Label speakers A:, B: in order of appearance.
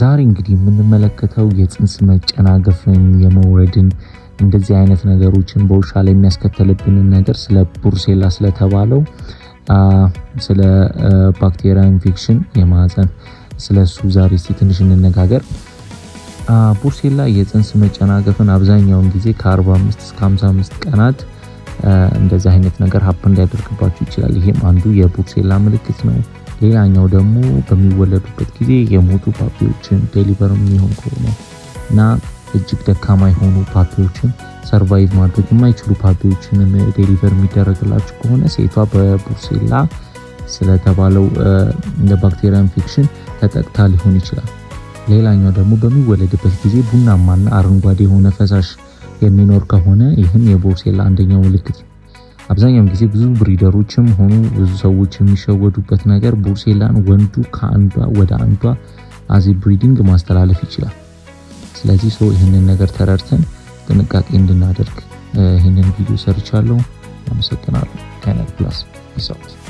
A: ዛሬ እንግዲህ የምንመለከተው የጽንስ መጨናገፍን የመውረድን እንደዚህ አይነት ነገሮችን በውሻ ላይ የሚያስከተልብንን ነገር ስለ ቡርሴላ ስለተባለው ስለ ባክቴሪያ ኢንፌክሽን የማዘን ስለ እሱ ዛሬ እስቲ ትንሽ እንነጋገር። ቡርሴላ የጽንስ መጨናገፍን አብዛኛውን ጊዜ ከ45 እስከ 55 ቀናት እንደዚህ አይነት ነገር ሀፕ እንዲያደርግባችሁ ይችላል። ይሄም አንዱ የቡርሴላ ምልክት ነው። ሌላኛው ደግሞ በሚወለዱበት ጊዜ የሞቱ ፓፒዎችን ዴሊቨር የሚሆን ከሆነ እና እጅግ ደካማ የሆኑ ፓፒዎችን ሰርቫይቭ ማድረግ የማይችሉ ፓፒዎችን ዴሊቨር የሚደረግላቸው ከሆነ ሴቷ በቡርሴላ ስለተባለው ባክቴሪያ ኢንፌክሽን ተጠቅታ ሊሆን ይችላል። ሌላኛው ደግሞ በሚወለድበት ጊዜ ቡናማና አረንጓዴ የሆነ ፈሳሽ የሚኖር ከሆነ ይህም የቡርሴላ አንደኛው ምልክት ነው። አብዛኛውን ጊዜ ብዙ ብሪደሮችም ሆኑ ብዙ ሰዎች የሚሸወዱበት ነገር ቡርሴላን ወንዱ ከአንዷ ወደ አንዷ አዚ ብሪዲንግ ማስተላለፍ ይችላል። ስለዚህ ሰው ይህንን ነገር ተረድተን ጥንቃቄ እንድናደርግ ይህንን ቪዲዮ ሰርቻለሁ። አመሰግናለሁ። ፕላስ ይሰውት